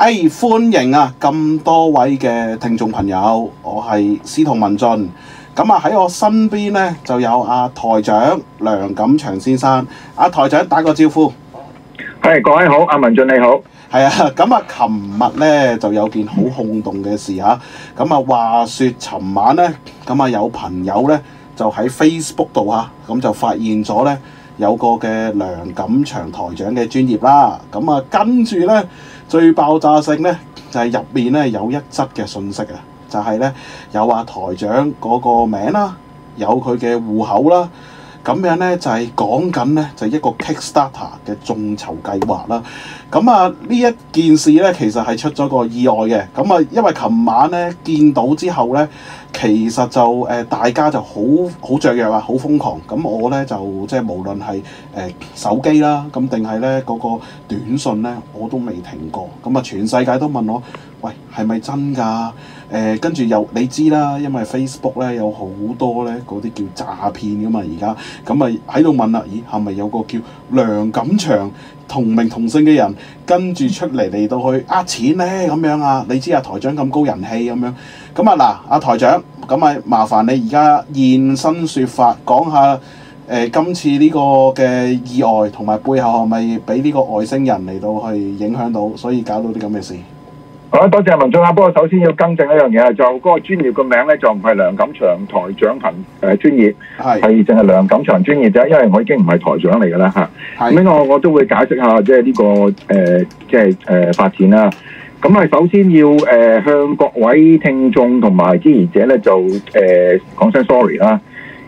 哎，歡迎啊！咁多位嘅聽眾朋友，我係司徒文進。咁啊喺我身邊呢，就有阿台長梁錦祥先生。阿台長打個招呼，係各位好，阿文進你好。係啊，咁啊，琴日呢就有件好轟動嘅事啊。咁啊，話說尋晚呢，咁啊有朋友呢就喺 Facebook 度啊，咁就發現咗呢有個嘅梁錦祥台長嘅專頁啦。咁啊，跟住呢。最爆炸性呢，就係、是、入面呢有一則嘅信息啊，就係、是、呢有話、啊、台長嗰個名啦，有佢嘅戶口啦，咁樣呢，就係講緊呢，就是、一個 Kickstarter 嘅眾籌計劃啦。咁啊呢一件事呢，其實係出咗個意外嘅。咁啊因為琴晚呢，見到之後呢。其實就誒、呃，大家就好好雀躍啊，好瘋狂。咁我呢，就即係無論係誒、呃、手機啦，咁定係呢嗰、那個短信呢，我都未停過。咁啊，全世界都問我，喂，係咪真㗎？跟、呃、住又你知啦，因為 Facebook 呢有好多呢嗰啲叫詐騙㗎嘛，而家咁啊喺度問啦，咦，係咪有個叫梁錦祥同名同姓嘅人跟住出嚟嚟到去呃、啊、錢呢？咁樣啊，你知啊，台長咁高人氣咁樣。咁啊，嗱，阿台長，咁啊，麻煩你而家現身說法，講下誒、呃、今次呢個嘅意外同埋背後係咪俾呢個外星人嚟到去影響到，所以搞到啲咁嘅事。好，多謝文俊啊。不過首先要更正一樣嘢就嗰個專業個名咧就唔係梁錦祥台長羣誒專業，係係淨係梁錦祥專業啫，因為我已經唔係台長嚟㗎啦嚇。咁呢個我都會解釋下，即係呢、這個誒、呃、即係誒、呃、發展啦、啊。咁啊，首先要誒向各位聽眾同埋支持者咧，就誒講聲 sorry 啦，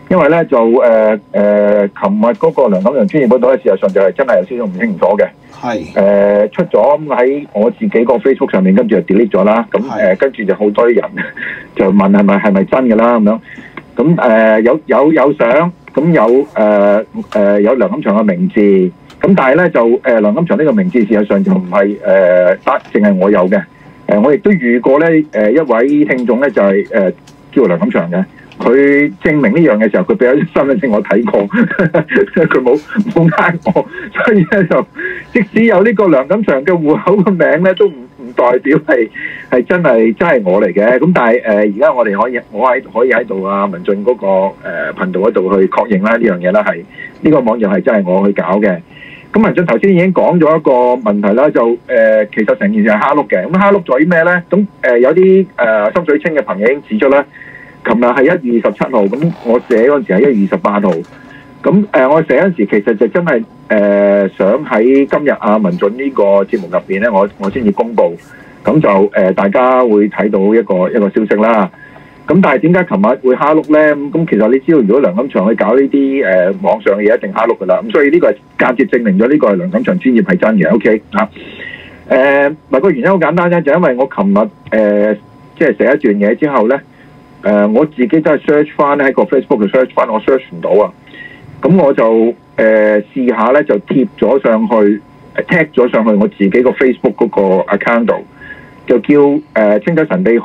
因為咧就誒誒，琴日嗰個梁錦祥專業報導喺事實上就係真係有少少唔清楚嘅。係是。誒出咗喺我自己個 Facebook 上面，跟住就 delete 咗啦。咁誒是跟住就好多人就問係咪係咪真嘅啦咁樣。咁、嗯、誒有有有相，咁有誒誒、呃、有梁錦祥嘅名字。咁但係咧就誒、呃、梁錦祥呢個名字，事實上就唔係誒得淨係我有嘅。誒、呃、我亦都遇過咧誒、呃、一位聽眾咧，就係、是、誒、呃、叫梁錦祥嘅。佢證明呢樣嘅時候，佢俾咗啲身份證我睇過，佢冇冇呃我，所以咧就即使有呢個梁錦祥嘅戶口個名咧，都唔唔代表係係真係真係我嚟嘅。咁但係誒而家我哋可以我喺可以喺度啊文進嗰個誒頻道嗰度去確認啦呢樣嘢啦，係、這、呢、個這個網頁係真係我去搞嘅。咁文俊頭先已經講咗一個問題啦，就誒、呃、其實成件事係蝦碌嘅。咁蝦碌在於咩呢？咁、嗯、誒、呃、有啲誒心水清嘅朋友已經指出呢，琴日係一月二十七號，咁、嗯、我寫嗰陣時係一月二十八號。咁、嗯、誒、呃、我寫嗰陣時其實就真係誒、呃、想喺今日阿、啊、文俊呢個節目入邊呢，我我先要公布，咁、嗯、就誒、呃、大家會睇到一個一個消息啦。咁但係點解琴日會蝦碌咧？咁、嗯、其實你知道，如果梁錦祥去搞呢啲誒網上嘅嘢，一定蝦碌噶啦。咁、嗯、所以呢個係間接證明咗呢個係梁錦祥專業係真嘅。O K 啊，誒，嗱個原因好簡單啫，就係、因為我琴日誒即係寫一段嘢之後咧，誒、呃、我自己都係 search 翻喺個 Facebook 度 search 翻，我 search 唔到啊。咁我就誒試、呃、下咧，就貼咗上去、呃、，tag 咗上去我自己 face 個 Facebook 嗰個 account 度，就叫誒、呃《清酒神秘學》。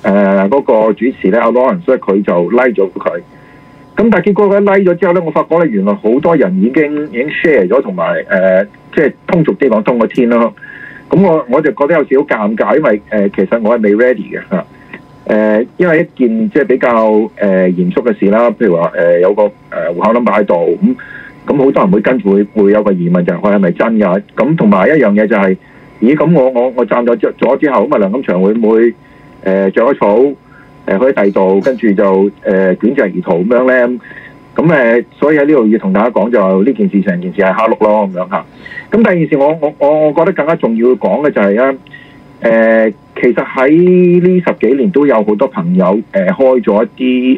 誒嗰、呃那個主持咧，好多人都佢就 like 咗佢，咁但係結果佢拉咗之後咧，我發覺咧原來好多人已經已經 share 咗同埋誒、呃，即係通俗啲講，通個天咯。咁我我就覺得有少少尷尬，因為誒、呃、其實我係未 ready 嘅嚇，誒、呃、因為一件即係比較誒、呃、嚴肅嘅事啦，譬如話誒、呃、有個誒戶口 number 喺度，咁咁好多人會跟住會會有個疑問就係我係咪真㗎？咁同埋一樣嘢就係、是，咦咁我我我贊咗咗之後，咁啊梁錦祥會唔會？誒著咗草，誒去第度，跟住就誒捲帳而逃咁樣咧。咁、呃、誒，所以喺呢度要同大家講就係呢件事，成件事係蝦碌咯咁樣嚇。咁第二件事，我我我我覺得更加重要講嘅就係、是、咧，誒、呃、其實喺呢十幾年都有好多朋友誒、呃、開咗一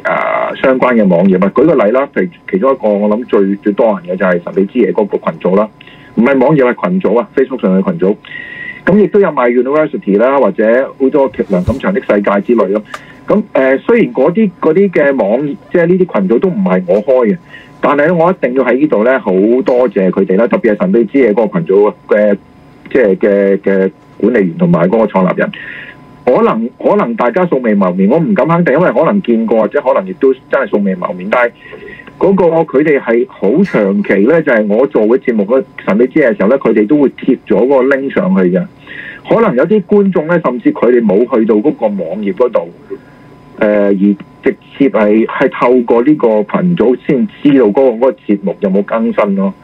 啲啊、呃、相關嘅網頁啊。舉個例啦，譬如其中一個我諗最最多人嘅就係神秘之夜嗰個羣組啦，唔係網頁係群組啊，Facebook 上嘅群組。咁亦都有賣 University 啦，或者好多梁錦祥的世界之類咯。咁誒、呃，雖然嗰啲啲嘅網，即係呢啲群組都唔係我開嘅，但係咧，我一定要喺呢度咧，好多謝佢哋啦。特別係神秘之夜嗰個群組嘅，即係嘅嘅管理員同埋嗰個創立人。可能可能大家素未謀面，我唔敢肯定，因為可能見過，或者可能亦都真係素未謀面。但係。嗰個佢哋係好長期呢，就係、是、我做嘅節目神秘之夜嘅時候呢，佢哋都會貼咗嗰個 link 上去嘅。可能有啲觀眾呢，甚至佢哋冇去到嗰個網頁嗰度，誒、呃、而直接係係透過呢個羣組先知道嗰、嗰個嗰、嗰個、節目有冇更新咯、啊。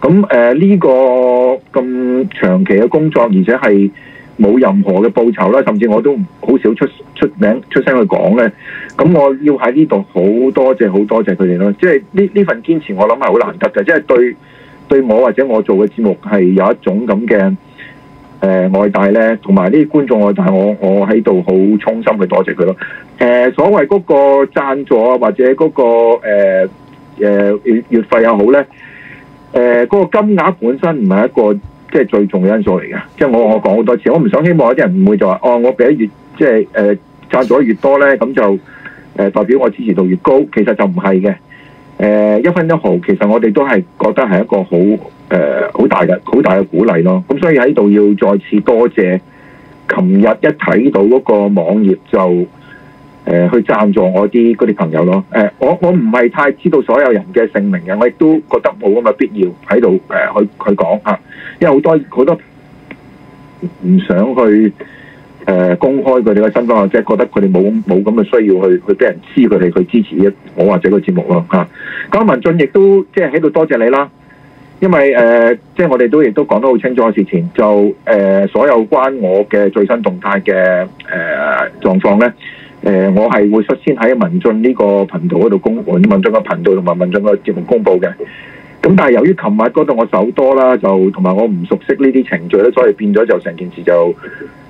咁誒呢個咁長期嘅工作，而且係。冇任何嘅報酬啦，甚至我都好少出出名出聲去講咧。咁我要喺呢度好多謝好多謝佢哋咯，即係呢呢份堅持我諗係好難得嘅，即係對對我或者我做嘅節目係有一種咁嘅誒愛戴咧，同埋呢啲觀眾愛戴，我我喺度好衷心去多謝佢咯。誒所謂嗰個贊助啊，或者嗰個誒誒月月費又好咧，誒嗰個金額本身唔係一個。即係最重嘅因素嚟嘅，即係我我講好多次，我唔想希望有啲人唔會就話，哦，我俾得越即係誒贊助得越多咧，咁就誒代表我支持度越高，其實就唔係嘅。誒一分一毫，其實我哋都係覺得係一個好誒好大嘅好大嘅鼓勵咯。咁所以喺度要再次多謝，琴日一睇到嗰個網頁就誒去贊助我啲嗰啲朋友咯。誒，我我唔係太知道所有人嘅姓名嘅，我亦都覺得冇咁嘅必要喺度誒去去講啊。因為好多好多唔想去誒、呃、公開佢哋嘅身份，或者覺得佢哋冇冇咁嘅需要去去俾人知佢哋去支持一我或者個節目咯嚇。咁、啊、文進亦都即係喺度多謝你啦，因為誒、呃、即係我哋都亦都講得好清楚，嘅事前就誒、呃、所有關我嘅最新動態嘅誒、呃、狀況咧，誒、呃、我係會率先喺文進呢個頻道嗰度公文進嘅頻道同埋文進嘅節目公佈嘅。咁但係由於琴日嗰度我手多啦，就同埋我唔熟悉呢啲程序咧，所以變咗就成件事就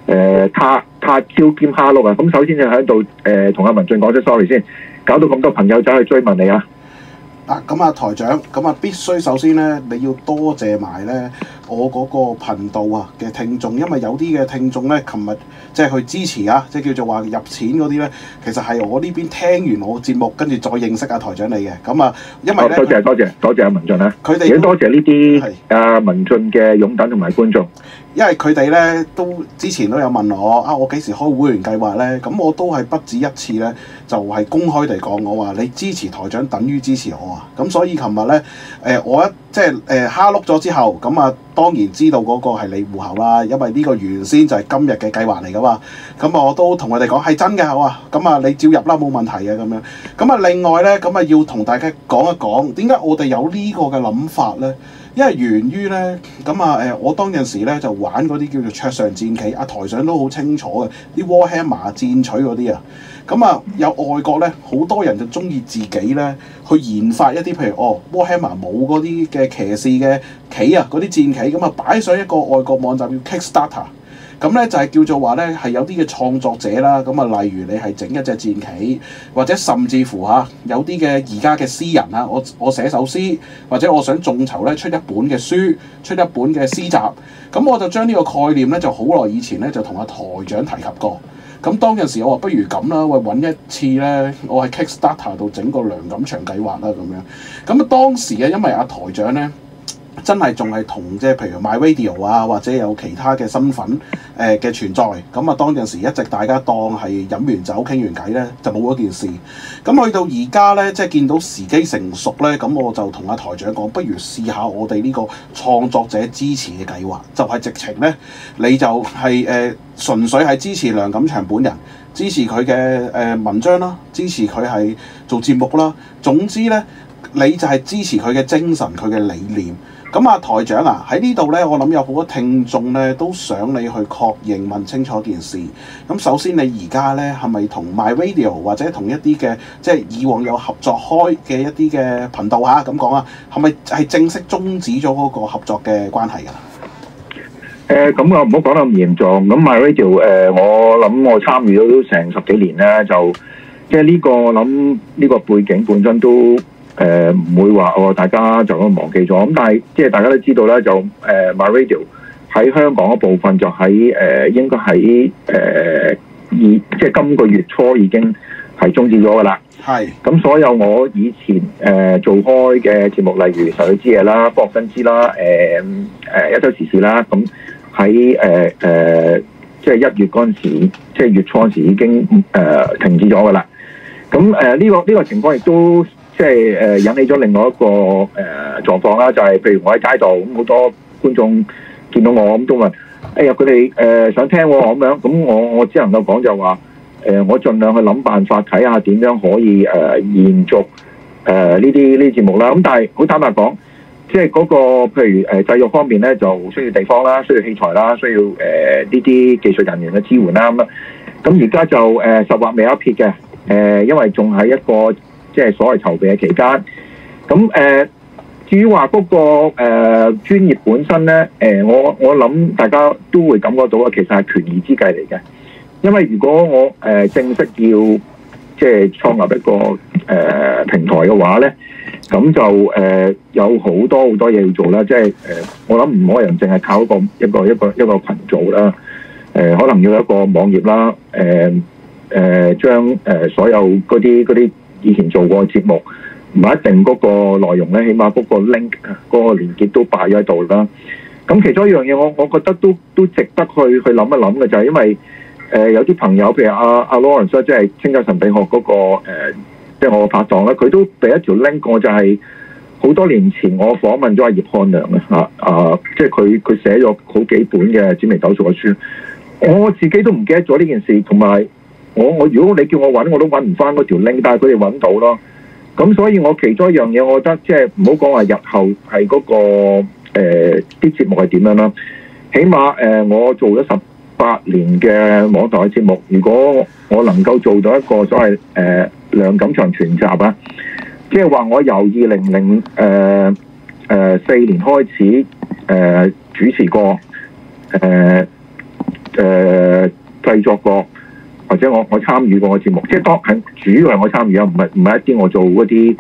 誒，太太挑尖哈擸啊！咁首先就喺度誒，同、呃、阿文進講聲 sorry 先，搞到咁多朋友走去追問你啊！啊，咁啊台長，咁啊必須首先咧，你要多謝埋咧。我嗰個頻道啊嘅聽眾，因為有啲嘅聽眾呢，琴日即係去支持啊，即係叫做話入錢嗰啲呢。其實係我呢邊聽完我節目，跟住再認識下台長你嘅。咁啊，因為咧謝他，多謝多謝多謝阿文俊啊，佢哋們多謝呢啲啊文俊嘅擁躉同埋觀眾，因為佢哋呢，都之前都有問我啊，我幾時開會員計劃呢？咁、啊、我都係不止一次呢，就係、是、公開地講我話你支持台長，等於支持我啊。咁所以琴日呢，誒、呃、我一即係誒蝦碌咗之後，咁、嗯、啊～、嗯當然知道嗰個係你戶口啦，因為呢個原先就係今日嘅計劃嚟㗎嘛。咁、嗯、我都同佢哋講係真嘅，好啊。咁、嗯、啊，你照入啦，冇問題嘅咁樣。咁、嗯、啊，另外呢，咁、嗯、啊要同大家講一講，點解我哋有呢個嘅諗法呢？因為源於呢，咁啊誒，我當陣時呢，就玩嗰啲叫做桌上戰棋，啊台上都好清楚嘅，啲 Warhammer 戰鎚嗰啲啊，咁啊有外國呢，好多人就中意自己呢，去研發一啲，譬如哦、oh, Warhammer 冇嗰啲嘅騎士嘅棋啊，嗰啲戰棋咁啊擺上一個外國網站叫 Kickstarter。咁咧就係叫做話咧係有啲嘅創作者啦，咁啊例如你係整一隻戰棋，或者甚至乎嚇有啲嘅而家嘅詩人啊，我我寫首詩，或者我想眾籌咧出一本嘅書，出一本嘅詩集，咁我就將呢個概念咧就好耐以前咧就同阿台長提及過，咁當陣時我話不如咁啦，喂，揾一次咧，我喺 Kickstarter 度整個梁錦祥計劃啦咁樣，咁當時嘅因為阿台長咧。真係仲係同即係譬如買 v i d i o 啊，或者有其他嘅身份誒嘅存在，咁、嗯、啊當陣時一直大家當係飲完酒傾完偈咧，就冇咗件事。咁、嗯、去到而家咧，即係見到時機成熟咧，咁、嗯、我就同阿、啊、台長講，不如試下我哋呢個創作者支持嘅計劃，就係、是、直情咧，你就係、是、誒、呃、純粹係支持梁錦祥本人，支持佢嘅誒文章啦，支持佢係做節目啦，總之咧你就係支持佢嘅精神，佢嘅理念。咁啊，台長啊，喺呢度咧，我諗有好多聽眾咧都想你去確認問清楚件事。咁首先，你而家咧係咪同 My Radio 或者同一啲嘅即係以往有合作開嘅一啲嘅頻道嚇咁講啊？係咪係正式終止咗嗰個合作嘅關係㗎？誒，咁我唔好講得咁嚴重。咁 My Radio 誒，我諗我參與咗都成十幾年咧，就即係呢個我諗呢個背景本身都。誒唔、呃、會話哦，大家就咁忘記咗咁，但係即係大家都知道咧，就誒、呃、My Radio 喺香港一部分就喺誒、呃，應該喺誒二，即係今個月初已經係終止咗噶啦。係咁是，所有我以前誒、呃、做開嘅節目，例如水之夜》啦、博學真知啦、誒誒、呃、一周時事啦，咁喺誒誒，即係一月嗰陣時，即係月初嗰陣時已經誒、呃、停止咗噶啦。咁誒呢個呢、呢個情況亦都。即係誒引起咗另外一個誒狀況啦，就係、是、譬如我喺街度咁好多觀眾見到我咁都問：哎呀，佢哋誒想聽我咁樣。咁我我只能夠講就話誒，我盡、就是呃、量去諗辦法睇下點樣可以誒、呃、延續誒呢啲呢啲節目啦。咁但係好坦白講，即係嗰個譬如誒製作方面咧，就需要地方啦，需要器材啦，需要誒呢啲技術人員嘅支援啦咁樣。咁而家就誒十劃未一撇嘅誒、呃，因為仲係一個。即係所謂籌備嘅期間，咁誒、呃、至於話嗰、那個誒、呃、專業本身咧，誒、呃、我我諗大家都會感覺到啊，其實係權宜之計嚟嘅。因為如果我誒、呃、正式要即係創立一個誒、呃、平台嘅話咧，咁就誒、呃、有好多好多嘢要做啦。即係誒我諗唔可能人淨係靠一個一個一個一個群組啦。誒、呃、可能要一個網頁啦，誒、呃、誒、呃、將誒、呃、所有嗰啲嗰啲。以前做過節目，唔係一定嗰個內容咧，起碼嗰個 link 嗰個連結都擺咗喺度啦。咁其中一樣嘢，我我覺得都都值得去去諗一諗嘅，就係、是、因為誒、呃、有啲朋友，譬如阿、啊、阿、啊、Lawrence 即係清教神秘學、那個呃就是、我嗰個即係我嘅拍檔佢都俾一條 link 我，就係、是、好多年前我訪問咗阿葉漢良啊，啊，即係佢佢寫咗好幾本嘅《紫微斗數》嘅書，我自己都唔記得咗呢件事，同埋。我我如果你叫我揾，我都揾唔翻嗰條 link，但係佢哋揾到咯。咁所以，我其中一樣嘢，我覺得即係唔好講話日後係嗰、嗰個啲、呃、節目係點樣啦。起碼誒、呃、我做咗十八年嘅網台節目，如果我能夠做到一個所謂誒梁、呃、錦祥全集啊，即係話我由二零零誒誒四年開始誒、呃、主持過誒誒製作過。或者我我參與過嘅節目，即係當係主要係我參與啊，唔係唔係一啲我做嗰啲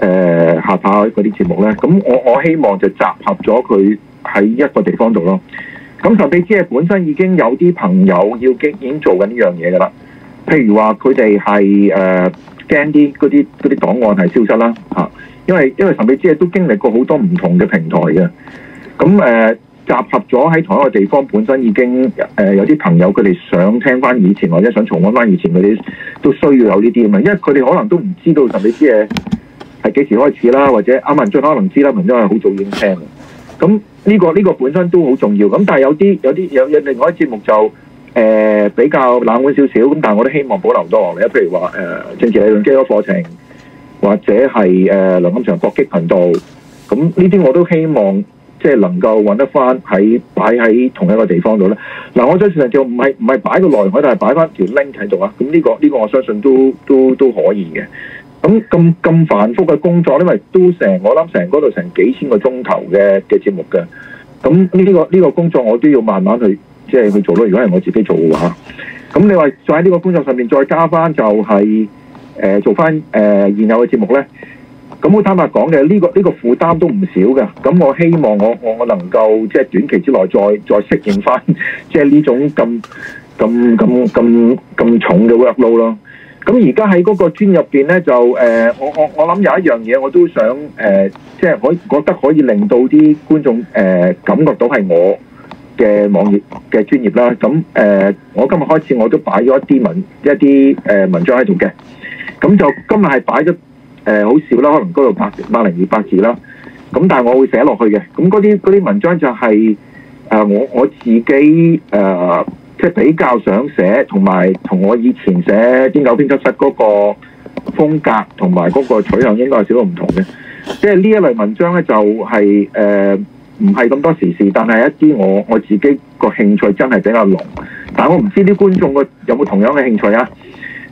誒下拍嗰啲節目咧。咁我我希望就集合咗佢喺一個地方度咯。咁神秘之夜，本身已經有啲朋友要驚已經做緊呢樣嘢㗎啦。譬如話佢哋係誒驚啲嗰啲啲檔案係消失啦嚇，因為因為神秘之夜都經歷過好多唔同嘅平台嘅，咁誒。呃集合咗喺同一個地方，本身已經誒、呃、有啲朋友佢哋想聽翻以前，或者想重溫翻以前嗰啲，都需要有呢啲咁啊。因為佢哋可能都唔知道特別啲嘢係幾時開始啦，或者阿文進可能知啦，文進係好早已經聽咁呢、嗯這個呢、這個本身都好重要。咁、嗯、但係有啲有啲有有，有，有另外一節目就誒、呃、比較冷門少少。咁但係我都希望保留多啲。譬如話誒、呃、政治理論基礎課程，或者係誒、呃、梁錦祥搏擊頻道。咁呢啲我都希望。即係能夠揾得翻喺擺喺同一個地方度咧。嗱、啊，我想試下做，唔係唔係擺個內容，我都係擺翻條 link 喺度啊。咁、這、呢個呢、這個我相信都都都可以嘅。咁咁咁繁複嘅工作，因為都成我諗成嗰度成幾千個鐘頭嘅嘅節目嘅。咁、嗯、呢、這個呢、這個工作我都要慢慢去即係去做咯。如果係我自己做嘅話，咁、嗯、你話再喺呢個工作上面再加翻就係、是、誒、呃、做翻誒、呃呃、現有嘅節目咧。咁我坦白講嘅，呢、這個呢、這個負擔都唔少嘅。咁我希望我我我能夠即係短期之內再再適應返，即係呢種咁咁咁咁咁重嘅 workload 咯。咁而家喺嗰個專入邊咧，就誒、呃、我我我諗有一樣嘢，我都想誒、呃，即係可我覺得可以令到啲觀眾誒、呃、感覺到係我嘅網頁嘅專業啦。咁誒、呃，我今日開始我都擺咗一啲文一啲誒文章喺度嘅，咁就今日係擺咗，誒、呃、好少啦，可能嗰度百百零二百字啦，咁但係我會寫落去嘅。咁嗰啲嗰啲文章就係、是、誒、呃、我我自己誒即係比較想寫同埋同我以前寫啲舊編輯室嗰、那個風格同埋嗰個取向應該係少到唔同嘅。即係呢一類文章咧、就是，就係誒唔係咁多時事，但係一啲我我自己個興趣真係比較濃，但我唔知啲觀眾個有冇同樣嘅興趣啊？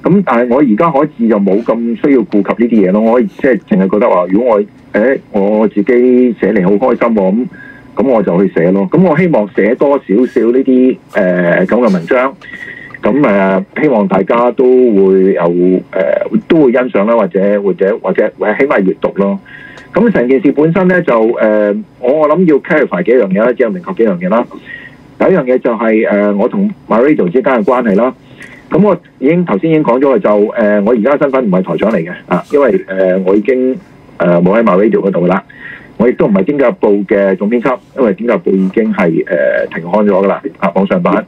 咁但係我而家開始就冇咁需要顧及呢啲嘢咯，我可以即係淨係覺得話，如果我誒、欸、我自己寫嚟好開心咁，咁我就去寫咯。咁我希望寫多少少呢啲誒咁嘅文章，咁誒、呃、希望大家都會有誒、呃、都會欣賞啦，或者或者或者起碼閲讀咯。咁成件事本身咧就誒、呃，我我諗要 clarify 幾樣嘢啦，只有明確幾樣嘢啦。第一樣嘢就係、是、誒、呃、我同 Marido 之間嘅關係啦。咁我已經頭先已經講咗啦，就誒、呃、我而家身份唔係台長嚟嘅啊，因為誒、呃、我已經誒冇喺 MyRadio 嗰度啦，我亦都唔係《點解報》嘅總編輯，因為《點解報》已經係誒、呃、停刊咗噶啦啊，網上版。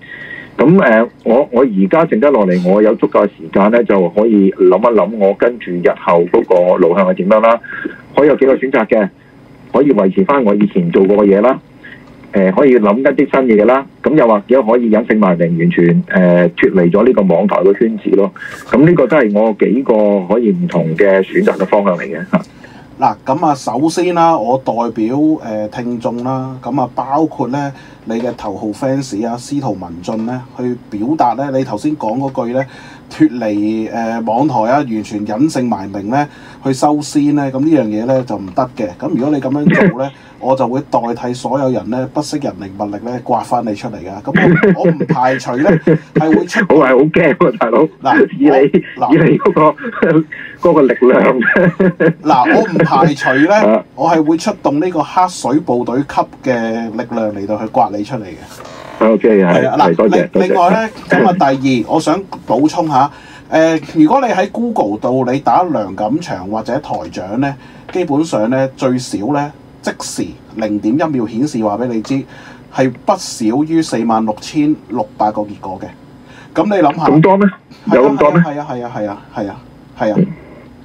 咁誒、呃、我我而家剩得落嚟，我有足夠嘅時間咧，就可以諗一諗我跟住日後嗰個路向係點樣啦。可以有幾個選擇嘅，可以維持翻我以前做過嘅嘢啦。誒、呃、可以諗一啲新嘢嘅啦，咁又或者可以隱姓埋名，完全誒脫、呃、離咗呢個網台嘅圈子咯。咁、嗯、呢、這個都係我幾個可以唔同嘅選擇嘅方向嚟嘅嚇。嗱，咁啊，首先啦，我代表誒聽眾啦，咁啊，包括咧你嘅頭號 fans 啊，司徒文進咧，去表達咧，你頭先講嗰句咧，脱離誒網台啊，完全隱姓埋名咧，去修仙咧，咁呢樣嘢咧就唔得嘅。咁如果你咁樣做咧，我就會代替所有人咧，不惜人力物力咧，刮翻你出嚟噶。咁我我唔排除咧，係會出。好啊！好驚啊，大佬。嗱，以你以你嗰個。嗰個力量嗱，我唔排除咧，我係會出動呢個黑水部隊級嘅力量嚟到去刮你出嚟嘅。OK，係嗱。另另外咧，今日第二，我想補充下誒，如果你喺 Google 度你打梁錦祥或者台長咧，基本上咧最少咧即時零點一秒顯示話俾你知，係不少於四萬六千六百個結果嘅。咁你諗下？咁多咩？有咁多咩？係啊係啊係啊係啊係啊。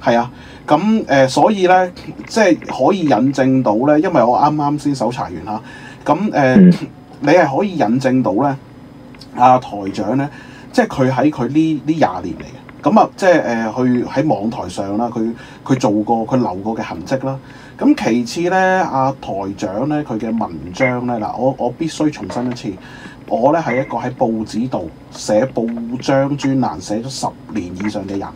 係啊，咁誒、呃，所以咧，即係可以引證到咧，因為我啱啱先搜查完啦，咁誒，呃嗯、你係可以引證到咧，阿、啊、台長咧，即係佢喺佢呢呢廿年嚟嘅，咁啊，即係誒去喺網台上啦，佢佢做過佢留過嘅痕跡啦，咁其次咧，阿、啊、台長咧佢嘅文章咧，嗱我我必須重申一次，我咧係一個喺報紙度寫報章專欄寫咗十年以上嘅人。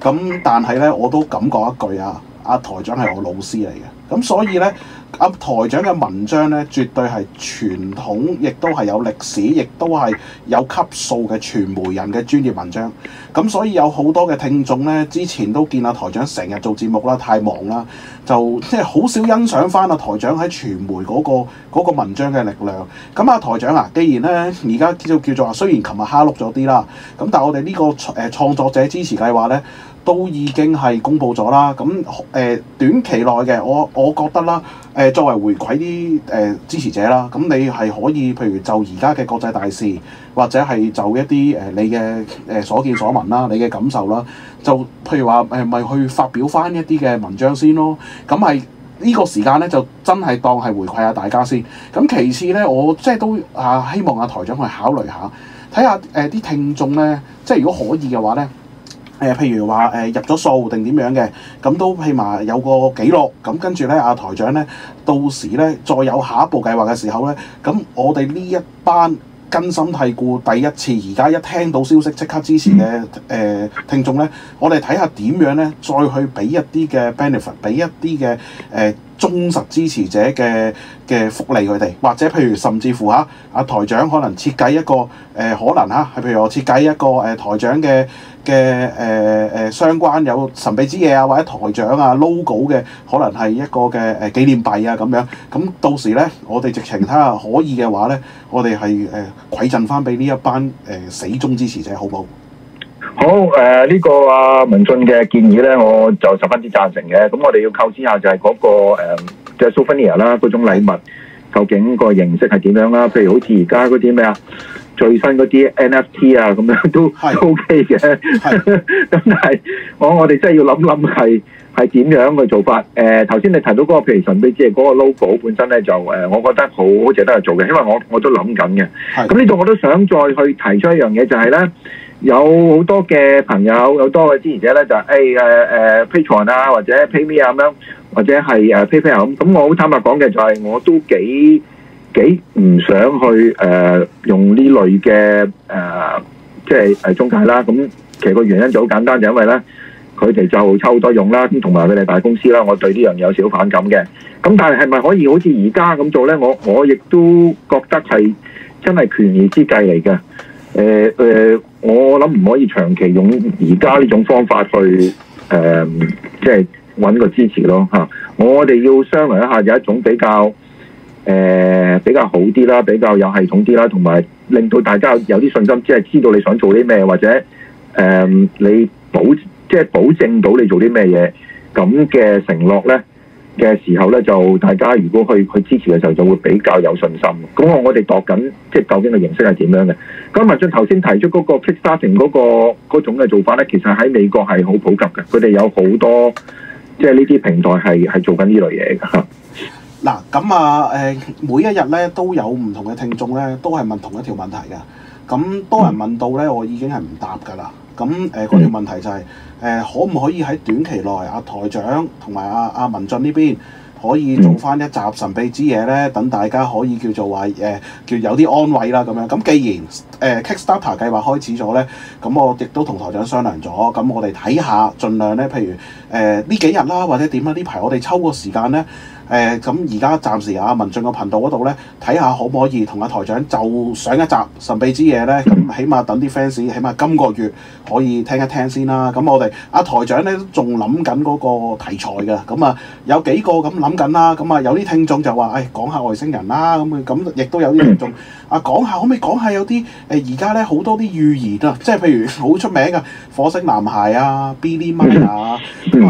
咁但係咧，我都敢講一句啊，阿、啊、台長係我老師嚟嘅，咁所以咧。啊、台長嘅文章咧，絕對係傳統，亦都係有歷史，亦都係有級數嘅傳媒人嘅專業文章。咁、嗯、所以有好多嘅聽眾咧，之前都見阿台長成日做節目啦，太忙啦，就即係好少欣賞翻阿台長喺傳媒嗰、嗰個嗰個文章嘅力量。咁、嗯、阿、啊、台長啊，既然咧而家叫做叫做話，雖然琴日蝦碌咗啲啦，咁但係我哋呢、呢個誒、呃、創作者支持計劃咧，都已經係公布咗啦，咁誒、呃、短期內嘅，我我覺得啦，誒、呃、作為回饋啲誒支持者啦，咁你係可以，譬如就而家嘅國際大事，或者係就一啲誒、呃、你嘅誒所見所聞啦，你嘅感受啦，就譬如話誒，咪、呃、去發表翻一啲嘅文章先咯，咁係呢個時間咧，就真係當係回饋下大家先。咁其次咧，我即係都啊希望阿、啊、台長去考慮下，睇下誒啲聽眾咧，即係如果可以嘅話咧。誒，譬如話誒入咗數定點樣嘅，咁都起碼有個記錄。咁跟住咧，阿台長咧，到時咧再有下一步計劃嘅時候咧，咁我哋呢一班根深蒂固、第一次而家一聽到消息即刻支持嘅誒聽眾咧，我哋睇下點樣咧，再去俾一啲嘅 benefit，俾一啲嘅誒忠實支持者嘅嘅福利佢哋，或者譬如甚至乎嚇阿台長可能設計一個誒可能嚇係譬如我設計一個誒台長嘅。嘅誒誒相關有神秘之夜啊，或者台長啊 logo 嘅，可能係一個嘅誒紀念幣啊咁樣。咁到時咧，我哋直情睇下可以嘅話咧，我哋係誒饋贈翻俾呢一班誒死忠支持者好唔好？好誒呢、呃呢個啊文進嘅建議咧，我就十分之贊成嘅。咁我哋要構思下就係嗰、嗰個誒即、呃、係、就係、Souvenir 啦嗰種禮物。究竟個形式係點樣啦？譬如好似而家嗰啲咩啊，最新嗰啲 NFT 啊，咁樣都 OK 嘅。咁 但係我我哋真係要諗諗係係點樣嘅做法？誒頭先你提到嗰、那個譬如神秘之，你知嗰個 logo 本身咧就誒、呃，我覺得好值得去做嘅，因為我我都諗緊嘅。咁呢度我都想再去提出一樣嘢，就係咧有好多嘅朋友，有多嘅支持者咧，就係誒誒 Patreon 啊，或者 PayMe 啊咁樣。或者係誒 PayPal 咁，我好坦白講嘅就係，我都幾幾唔想去誒、呃、用呢類嘅誒、呃，即係誒中介啦。咁、嗯、其實個原因就好簡單，就因為咧，佢哋就抽好多傭啦，咁同埋佢哋大公司啦，我對呢樣嘢有少少反感嘅。咁、嗯、但係係咪可以好似而家咁做咧？我我亦都覺得係真係權宜之計嚟嘅。誒、呃、誒、呃，我諗唔可以長期用而家呢種方法去誒、呃，即係。揾個支持咯嚇！我哋要商量一下，有一種比較誒、呃、比較好啲啦，比較有系統啲啦，同埋令到大家有啲信心，即係知道你想做啲咩，或者誒、呃、你保即係保證到你做啲咩嘢咁嘅承諾咧嘅時候咧，就大家如果去去支持嘅時候，就會比較有信心。咁我我哋度緊即係究竟嘅形式係點樣嘅？咁文進頭先提出嗰個 Kickstarting 嗰個嗰種嘅做法咧，其實喺美國係好普及嘅，佢哋有好多。即係呢啲平台係係做緊呢類嘢㗎。嗱咁啊，誒、呃、每一日咧都有唔同嘅聽眾咧，都係問同一條問題㗎。咁多人問到咧，嗯、我已經係唔答㗎啦。咁誒嗰條問題就係、是、誒、呃、可唔可以喺短期內，阿、啊、台長同埋阿阿文進呢邊？可以做翻一集神秘之夜咧，等大家可以叫做話誒、呃，叫有啲安慰啦咁樣。咁既然誒、呃、Kickstarter 計劃開始咗咧，咁我亦都同台長商量咗，咁、嗯、我哋睇下，盡量咧，譬如誒呢、呃、幾日啦、啊，或者點啦，呢排我哋抽個時間咧。誒咁而家暫時阿文進個頻道嗰度咧，睇下可唔可以同阿、啊、台長就上一集神秘之夜咧？咁起碼等啲 fans 起碼今個月可以聽一聽先啦。咁我哋阿、啊、台長咧都仲諗緊嗰個題材嘅。咁啊有幾個咁諗緊啦。咁啊有啲聽眾就話誒講下外星人啦，咁啊咁亦都有啲聽眾啊講下可唔可以講下有啲誒而家咧好多啲預言啊，即係譬如好出名嘅火星男孩啊、Billy Miner 啊，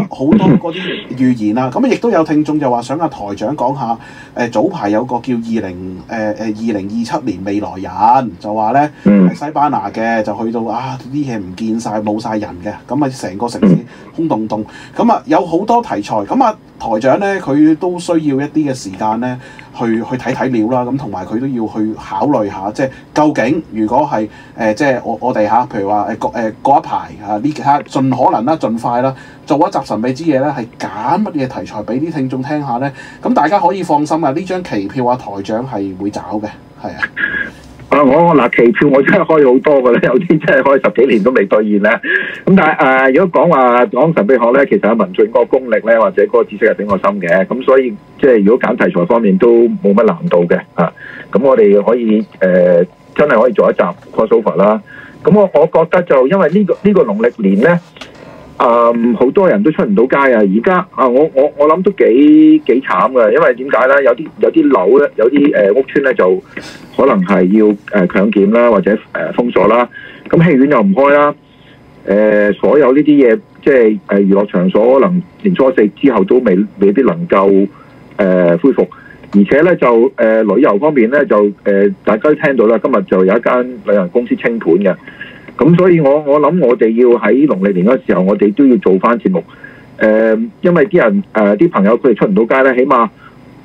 好、啊、多嗰啲預言啊。咁亦都有聽眾就話想台長講下，誒、呃、早排有個叫二零誒誒二零二七年未來人，就話咧係西班牙嘅，就去到啊啲嘢唔見晒，冇晒人嘅，咁啊成個城市空洞洞，咁、嗯、啊有好多題材，咁、嗯、啊台長咧佢都需要一啲嘅時間咧。去去睇睇料啦，咁同埋佢都要去考慮下，即係究竟如果係誒、呃，即係我我哋吓，譬如話誒各嗰一排嚇呢其他，盡、啊、可能啦，盡快啦，做一集神秘之嘢夜咧，係揀乜嘢題材俾啲聽眾聽下咧？咁大家可以放心啦，呢張期票啊台長係會找嘅，係啊。我嗱，期票我真係開好多㗎咧，有啲真係開十幾年都未兌現咧。咁 但係誒、呃，如果講話講神秘學咧，其實阿文進哥功力咧，或者嗰個知識係比我深嘅。咁所以即係如果揀題材方面都冇乜難度嘅啊。咁我哋可以誒、呃，真係可以做一集 Call s 破數佛啦。咁我我覺得就因為呢、呢個呢、呢個農曆年咧，啊、呃、好多人都出唔到街啊。而家啊，我我我諗都幾幾慘㗎，因為點解咧？有啲有啲樓咧，有啲誒屋邨咧就。可能係要誒強檢啦，或者誒封鎖啦，咁戲院又唔開啦，誒、呃、所有呢啲嘢，即係誒娛樂場所，可能年初四之後都未未必能夠誒、呃、恢復，而且咧就誒、呃、旅遊方面咧就誒、呃、大家都聽到啦，今日就有一間旅遊公司清盤嘅，咁所以我我諗我哋要喺農曆年嗰時候，我哋都要做翻節目，誒、呃，因為啲人誒啲、呃、朋友佢哋出唔到街咧，起碼，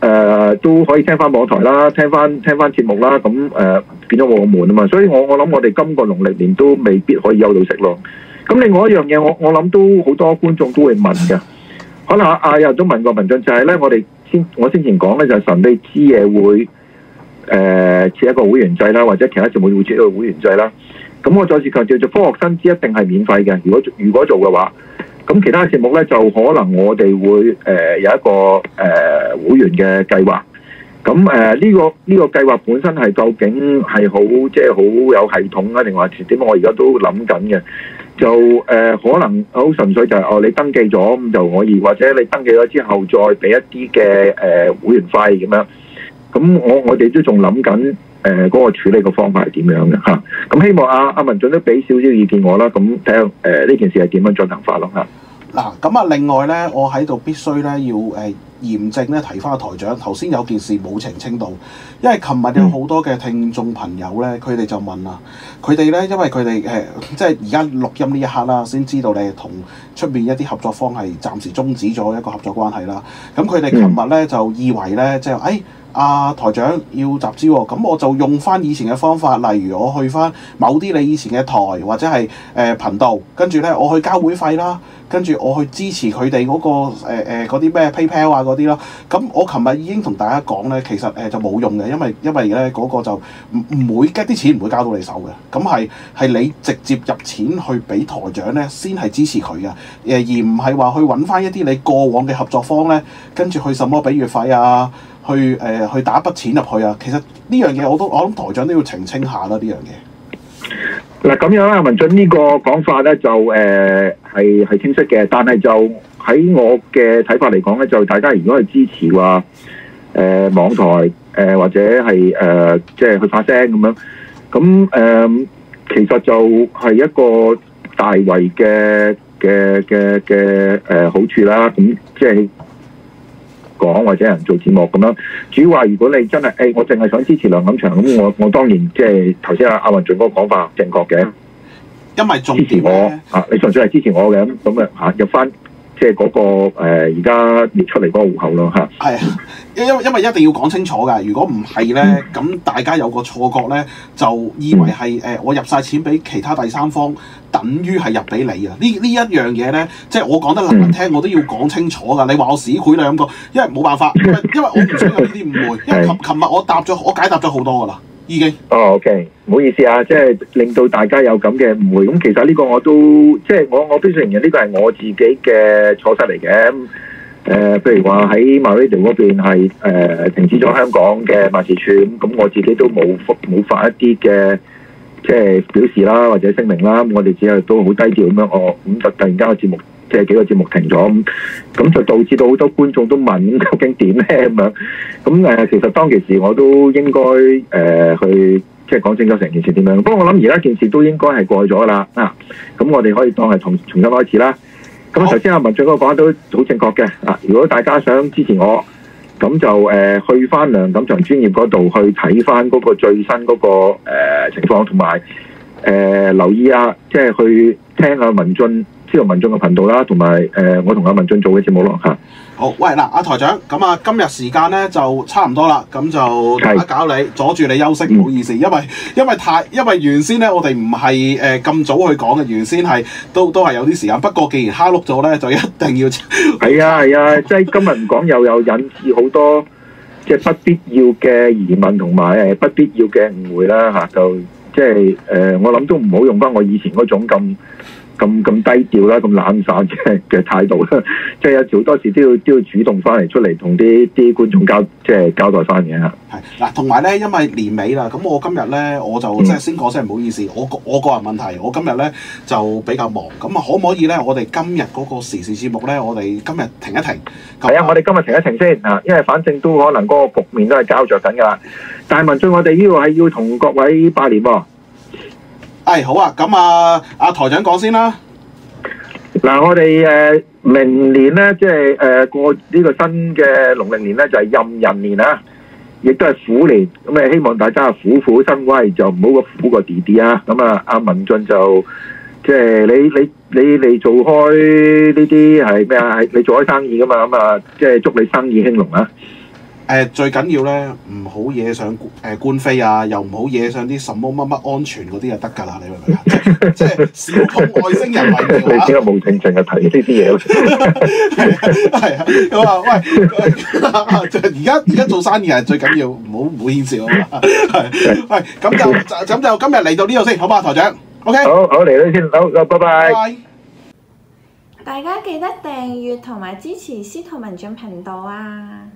誒、呃、都可以聽翻網台啦，聽翻聽翻節目啦，咁誒變咗冇咁悶吖嘛，所以我我諗我哋今個農曆年都未必可以休到食咯。咁另外一樣嘢，我我諗都好多觀眾都會問嘅。可能阿阿又都問過文進，就係、是、咧，我哋先我先前講咧，就係神秘之夜會誒、呃、設一個會員制啦，或者其他就冇會設一個會員制啦。咁我再次強調，做科學新知一,一定係免費嘅。如果如果做嘅話。咁其他節目呢，就可能我哋會誒、呃、有一個誒、呃、會員嘅計劃，咁誒呢個呢、呢個計劃本身係究竟係好即係好有系統啊，定話點？我而家都諗緊嘅，就誒、呃、可能好純粹就係、是、哦，你登記咗咁就可以，或者你登記咗之後再俾一啲嘅誒會員費咁樣，咁、嗯、我我哋都仲諗緊。誒嗰、呃這個處理個方法係點樣嘅嚇？咁、啊、希望阿、啊、阿文進都俾少少意見我啦，咁睇下誒呢件事係點樣進行法，囉吓嗱，咁啊，啊另外咧，我喺度必須咧要誒。呃嚴正咧提翻阿台長，頭先有件事冇澄清到，因為琴日有好多嘅聽眾朋友咧，佢哋就問啦，佢哋咧因為佢哋誒即係而家錄音呢一刻啦，先知道你係同出面一啲合作方係暫時中止咗一個合作關係啦。咁佢哋琴日咧就以為咧即係誒阿台長要集資，哦，咁我就用翻以前嘅方法，例如我去翻某啲你以前嘅台或者係誒頻道，跟住咧我去交會費啦。跟住我去支持佢哋嗰個誒嗰啲咩 PayPal 啊嗰啲咯，咁我琴日已經同大家講咧，其實誒、呃、就冇用嘅，因為因為咧嗰、嗰個就唔唔會 get 啲錢，唔會交到你手嘅。咁係係你直接入錢去俾台長咧，先係支持佢嘅。誒而唔係話去搵返一啲你過往嘅合作方咧，跟住去什麼俾月費啊，去誒、呃、去打筆錢入去啊。其實呢樣嘢我都我諗台長都要澄清下啦，呢樣嘢。嗱，咁樣啦，文進個呢個講法咧就誒係係清晰嘅，但係就喺我嘅睇法嚟講咧，就大家如果係支持嘅、啊、話，誒、呃、網台誒、呃、或者係誒即係去發聲咁樣，咁誒、呃、其實就係一個大為嘅嘅嘅嘅誒好處啦，咁即係。就是講或者人做節目咁樣，主要話，如果你真係，誒、欸，我淨係想支持梁錦祥，咁我我當然即係頭先阿阿雲俊嗰個講法正確嘅，因為支持我，啊，你純粹係支持我嘅，咁咁嘅吓入翻。即係嗰、嗰個而家、呃、列出嚟嗰個戶口咯嚇。係啊，因因因為一定要講清楚嘅。如果唔係咧，咁大家有個錯覺咧，就以為係誒、嗯呃、我入晒錢俾其他第三方，等於係入俾你啊！呢呢一樣嘢咧，即係我講得難聽，嗯、我都要講清楚㗎。你話我市儈兩個，因為冇辦法， 因為我唔想有呢啲誤會。係。因為琴琴 的日我答咗，我解答咗好多㗎啦。哦，OK，唔好意思啊，即係令到大家有咁嘅誤會。咁其實呢個我都即係我我必須承認呢個係我自己嘅錯失嚟嘅。誒、呃，譬如話喺 Marriott 嗰邊係誒停止咗香港嘅辦事處，咁我自己都冇冇發一啲嘅即係表示啦，或者聲明啦。我哋只係都好低調咁樣哦，咁就突然間個節目。即係幾個節目停咗，咁就導致到好多觀眾都問，究竟點呢？咁 樣？咁、呃、誒，其實當其時我都應該誒、呃、去即係講清楚成件事點樣。不過我諗而家件事都應該係過去咗啦啊！咁我哋可以當係重重新開始啦。咁頭先阿文俊嗰個講得都好正確嘅啊！如果大家想支持我，咁就誒、呃、去翻梁錦祥專業嗰度去睇翻嗰個最新嗰、嗰個、呃、情況，同埋誒留意啊，即、就、係、是、去聽下文俊。司徒文進嘅頻道啦，同埋誒我同阿文進做嘅節目咯嚇。好，喂嗱，阿台長，咁啊，今日時間咧就差唔多啦，咁就打搞你，阻住你休息，唔好意思，因為因為太因為原先咧，我哋唔係誒咁早去講嘅，原先係都都係有啲時間。不過既然蝦碌咗咧，就一定要係啊係啊，即係今日唔講，又有引致好多即係不必要嘅疑問同埋誒不必要嘅誤會啦嚇。就即係誒，我諗都唔好用返我以前嗰種咁。咁咁低調啦，咁懶散嘅嘅態度啦，即係有好多時都要都要主動翻嚟出嚟同啲啲觀眾交即係交代翻嘢嚇。係嗱，同埋咧，因為年尾啦，咁我今日咧我就即係、嗯、先講聲，唔好意思，我我個人問題，我今日咧就比較忙，咁啊可唔可以咧？我哋今日嗰個時事節目咧，我哋今日停一停。係、就是、啊，我哋今日停一停先啊，因為反正都可能嗰個局面都係膠著緊㗎啦。但係文進，我哋呢度係要同各位拜年喎、哦。誒，好啊！咁啊，阿台長講先啦。嗱，我哋誒，明年咧，即係誒，過呢個新嘅農曆年咧，就係壬寅年啊，亦都係虎年。咁誒，希望大家虎虎生威，就唔好個虎個弟弟啊。咁啊，阿文進就即係你你你嚟做開呢啲係咩啊？係你做開生意噶嘛？咁啊，即係祝你生意興隆啊！誒，最緊要咧，唔好惹上誒官非啊，又唔好惹上啲什麼乜乜安全嗰啲就得㗎啦，你明唔明啊？即係少同外星人嚟你只係冇情情嘅睇呢啲嘢咯。係啊係啊，咁啊喂！而家而家做生意係最緊要唔好唔好謙笑啊嘛。係、哎，喂、哎，咁、哎、就咁就今日嚟到呢度先，好嘛，台長。O K。好，好嚟到先，好，拜拜。拜，拜。大家記得訂閱同埋支持司徒文進頻道啊！